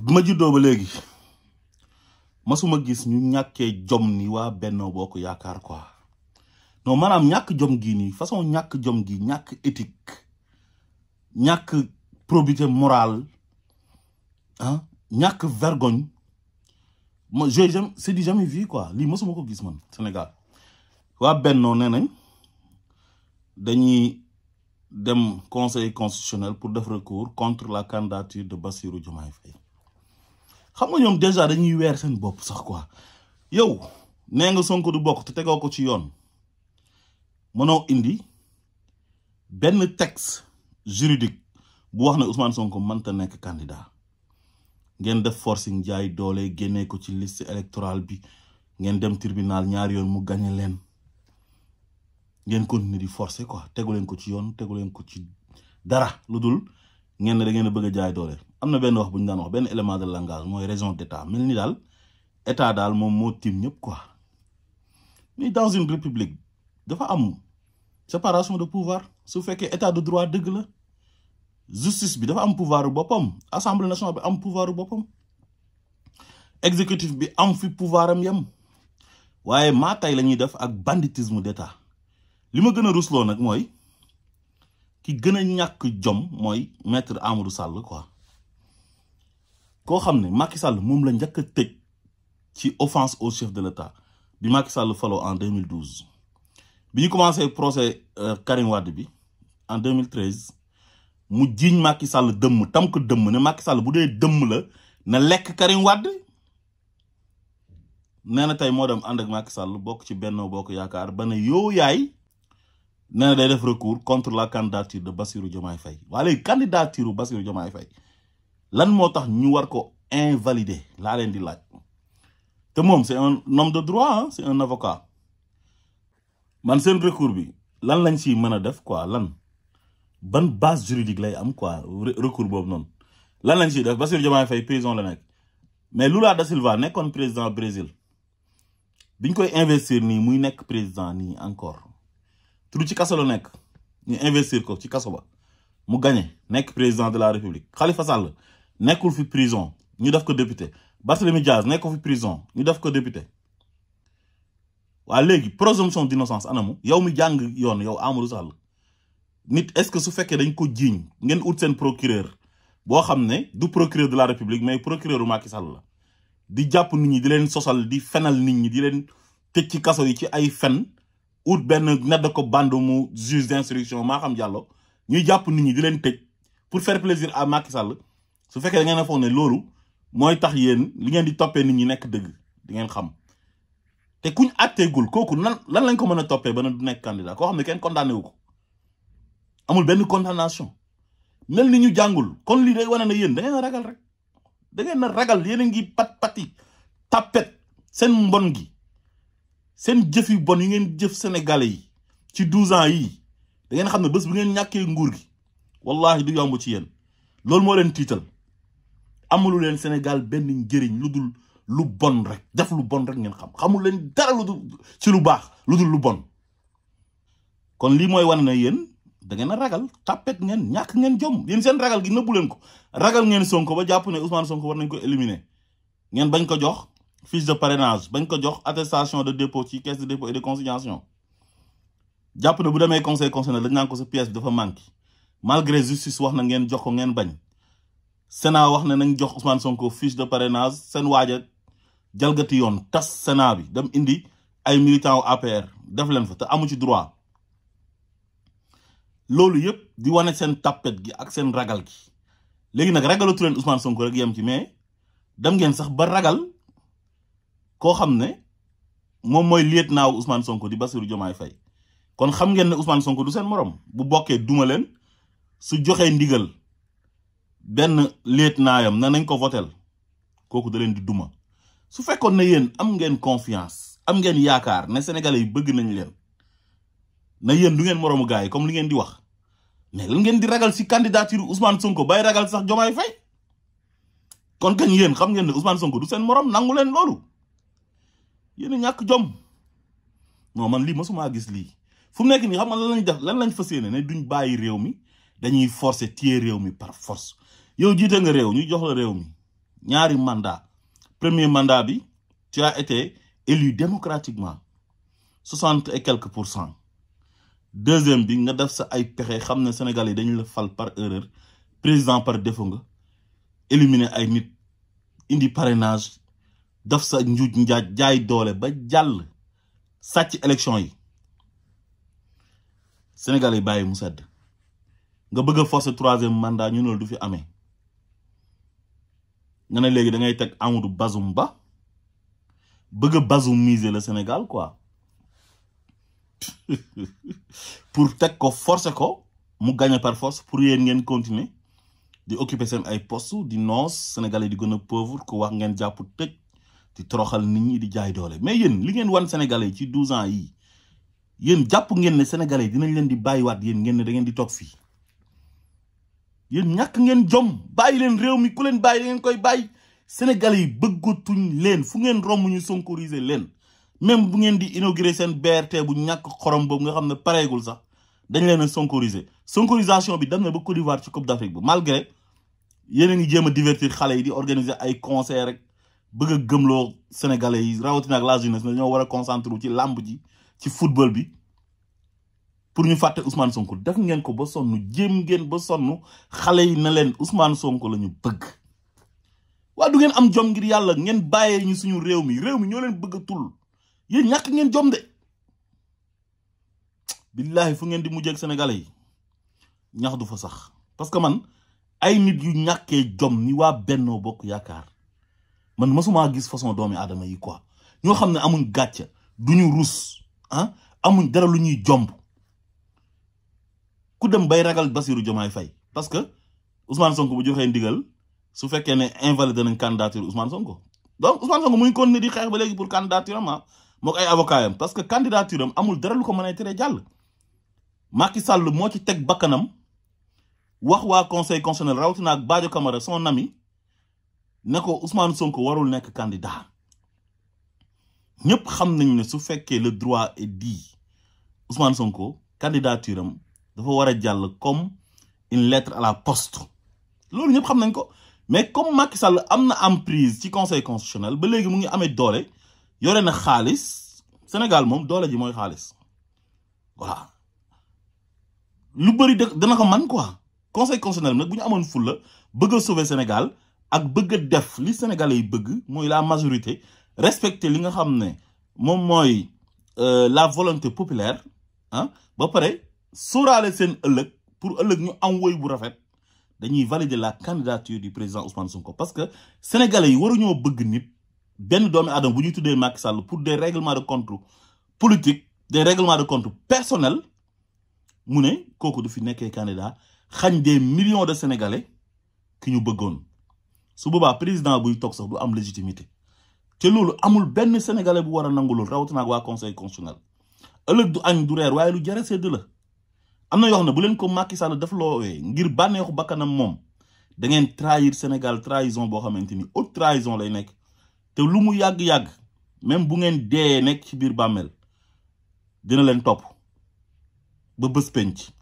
bi ma juddoo ba léegi masuma gis ñu ñàkkee jom ni waa Benno Bokk Yaakaar quoi non maanaam ñàkk jom gii nii façon ñàkk jom gi ñàkk éthique ñàkk probité morale ah ñàkk vergogne ma j'ai jamais c'est du jamais vu quoi lii masuma ko gis man Sénégal waa Benno nee nañ dañuy dem conseil constitutionnel pour def recours contre la candidature de Bassirou Diomaye Faye xam nga ñoom déjà dañuy weer seen bopp sax quoi yow nee nga Sonko du bokk te tegoo ko ci yoon mënoo indi benn texte juridique bu wax ne Ousmane Sonko mënta nekk kàndidaa ngeen def forcing jaay doole génnee ko ci list électorale bi ngeen dem tribunal ñaari yoon mu gañe leen ngeen continuer di forcer quoi tegu leen ko ci yoon tegu leen ko ci dara lu dul ngeen ne ngeen a bëgg a jaay doole. amna ben wax bu dan wax ben element de langage moy raison d'état mel ni état d'al mom moo tiim quoi mais dans une république dafa am séparation de pouvoir su fekkee état de droit deug la justice bi dafa am pouvoir boppam assemblée nationale bi am pouvoir boppam exécutif bi am fi pouvoir am yam. waaye ma tey la def ak banditisme d'état li ma gën a rusloo nag ki gëna ñak jom moy maître Amadou Sall quoi. koo xam ne Macky Sall moom la njëkk a tëj ci offense au chef de l'État bi Macky Sall faloo en 2012 bi ñu commencé procès euh, Karim Wade bi en 2013 mu jiiñ Macky Sall dëmm tam ko dëmm ne Macky Sall bu dee dëmm la na lekk Karim Wade nee na tey moo dem ànd ak Macky Sall bokk ci Benno Bokk Yaakaar ba ne yoo yaay nee na day def recours contre la candidature de Bassirou Diomaye fey waa léegi candidature Bassirou Diomaye Faye lan motax ñu war ko invalider la len di laaj te mom c'est un homme de droit hein, c'est un avocat man seen recours bi lan lañ si mëna def quoi lan ban base juridique lay am quoi recours bob non lan lañ ci def Bassirou Diomaye fay prison la nek mais Lula da Silva nekkoon président Brésil biñ koy investir ni muy nek président ni encore turu ci kasso la nekk ni investir ko ci kasso ba mu gagner nek président de la république Khalifa Sall nekul fi prison ñu daf ko député Barthélemy Diaz nekkul fi prison ñu daf ko député wa légui présomption d'innocence anamu yow mi jang yoon yow Amadou Sall nit est-ce que su fekkee dañ ko djign ngeen out sen procureur Bo xamné ne du procureur de la république mais procureur u Macky Sall la di japp nit ñi di len sosal di fenal nit ñi di len tecc ci kasso yi ci ay fen out ben nedd ko mu juge d'instruction ma xam jàllo ñuy japp nit ñi di len tecc pour faire plaisir à Macky Sall su fekkee da ngeen a foog ne loolu mooy tax yéen li ngeen di toppee nit ñi nekk dëgg di ngeen xam te kuñ àtteegul kooku nan lan lañ ko mën a toppee ba na du nekk candidat ko xam ne kenn condamné ko amul benn condamnation mel ni ñu jàngul kon lii day wane ne yéen da ngeen ragal rek da ngeen ragal yéen a ngi pat pati tappet seen mbon gi seen jëf yu bon yi ngeen jëf sénégalais yi ci douze ans yi da ngeen xam ne bés bu ngeen ñàkkee nguur gi wallahi du yomb ci yéen loolu moo leen tiital amulu leen Sénégal benn njëriñ lu dul lu bon rek def lu bon rek ngeen xam xamul leen dara lu dul ci lu baax lu dul lu bon kon lii mooy wane na yéen da ngeen a ragal tàppet ngeen ñàkk ngeen jom yéen seen ragal gi nëbbu leen ko ragal ngeen Sonko ba jàpp ne Ousmane Sonko war nañ ko éliminer ngeen bañ ko jox fiche de parrainage bañ ko jox attestation de dépôt ci caisse de dépôt et de consignation ne bu demee conseil constitutionnel dañ naan ko sa pièce bi dafa manqué malgré justice wax na ngeen jox ko ngeen bañ Sénat wax ne nañ jox Ousmane Sonko fiche de parrainage seen waaja jalgati yoon tas Sénat bi dem indi ay militant wu APR def leen fa te amu ci droit loolu yëpp di wane seen tappet gi ak seen ragal gi léegi nag ragalatu leen Ousmane Sonko rek yem ci mais dem ngeen sax ba ragal koo xam ne moom mooy liet naaw Ousmane Sonko di Bassirou Diomaye fay kon xam ngeen ne Ousmane Sonko du seen morom bu bokkee duma leen su joxee ndigal benn leet naayam na nañ ko votel kooku da leen di duma su fekkoon ne yéen am ngeen confiance am ngeen yaakaar ne sénégalais yi bëgg nañ leen na yéen du ngeen moroomu gars yi comme li ngeen di wax mais lan ngeen di ragal si candidature Ousmane Sonko bay ragal sax Diomaye Faye kon kañ yéen xam ngeen ne Ousmane Sonko du seen moroom nangu leen loolu yéen a ñàkk jom non man lii masumaa gis lii fu mu nekk nii xam nga la lañ def lan lañ fas yéene ne duñ bàyyi réew mi dañuy forcer tier réew mi par force yow jité nga réew ñu jox la réew mi ñaari mandat premier mandat bi tu as été élu démocratiquement 60 et quelques pour cent deuxième bi nga def sa ay pexe xamné sénégalais le dañu le fal par erreur président par défaut nga éliminer ay nit indi parrainage def sa njuj njaj jaay doole ba jall sàcc élection yi Sénégalais, baye moussa nga bëgg a forcer troisième mandat ñu ne du fi amee nga ne léegi da ngay teg Amadou Bazoum Ba bëgg a bazoumiser le Sénégal quoi pour teg ko force ko mu gagné par force pour yéen ngeen continuer di occuper seen ay postes di noos sénégalais di gën a pauvre ku wax ngeen jàpp tëj di toroxal nit ñi di jaay doole mais yéen li ngeen wan sénégalais ci douze ans yi yéen jàpp ngeen ne sénégalais dinañ leen di bàyyiwaat yéen ngeen ne dangeen di toog fii. yéen ñàkk ngeen jom bàyyi leen réew mi ku leen bàyyi ngeen koy bàyyi sénégalais yi bëggatuñ leen fu ngeen romb ñu sonkoriser leen même bu ngeen di inauguré seen BRT bu ñàkk xorom boobu nga xam ne pareegul sax dañu leen a sonkoriser sonkorisation bi dem na ba Côte d'Ivoire ci Coupe d'Afrique bi malgré yéen a ngi jéem a divertir xale yi di organiser ay concert rek bëgg a gëmloo sénégalais yi rawatina ak la jeunesse na ñoo war a concentré wu ci làmb ji ci football bi pour ñu fàtte Ousmane sonku def ngeen ko ba sonn jéem ngeen ba sonn xale yi na leen Ousmane Sonko la ñu bëgg waa du ngeen am jom ngir yàlla ngeen bàyyee ñu suñu réew mi réew mi ñoo leen bëgg a tul yéen ñàkk ngeen jom de billaahi fu ngeen di mujjee ak sénégalais yi ñax du fa sax parce que man ay nit yu ñàkkee jom ni waa Bennoo Bokk Yaakaar man masumaa gis façon doomi aadama yi quoi ñoo xam ne amuñ du ñu rus ah amuñ dara lu ñuy jomb ku dem bay ragal Bassirou jomay fay parce que Ousmane Sonko bu joxe ndigal su fekke ne invalidé nañ candidature Ousmane Sonko donc Ousmane Sonko muy ngi di xex ba legui pour candidature ma ah moog ay parce que candidature amul dara lu ko mën a tere jàll. Macky Sall mo ci tek bakanam wax wa conseil constitutionnel rawatina ak Badio Camara son ami nako Ousmane Sonko warul nek candidat ñëpp xam nañ ne su fekke le droit est dit Ousmane Sonko candidature comme une lettre à la poste mais comme Macky Sall emprise ci conseil constitutionnel ba a mu ngi a na Au Sénégal Il un ji des voilà lu de quoi conseil constitutionnel il a bëgg a sauver Sénégal ak bëgg def Sénégalais la majorité respecter li nga euh, la volonté populaire hein, sóoraale sen ëllëg pour ëllëg ñu am woy bu rafet dañuy valider la candidature du président Ousmane Sonko parce que sénégalais yi waruñoo bëgg nit ben doomi adam bu ñuy tuddee Macky Sall pour des règlements de compte politique des règlements de compte personnel mu ne du fi nekkee candidat xagn des millions de sénégalais ki ñu bëggoon su boobaa président bu tok sax du am légitimité té loolu amul ben sénégalais bu wara a nangu loolu rawatina ak conseil constitutionnel ëllëg du añ du reer waaye lu jërë sedd la. am na yoo xam bu leen ko Macky Sall def loowee ngir bànneexu bakkanam moom da ngeen trahir Sénégal trahison boo xamante ni haute trahison lay nekk te lu mu yàgg-yàgg même bu ngeen dee nekk ci biir bàmmeel dina leen topp ba bés penc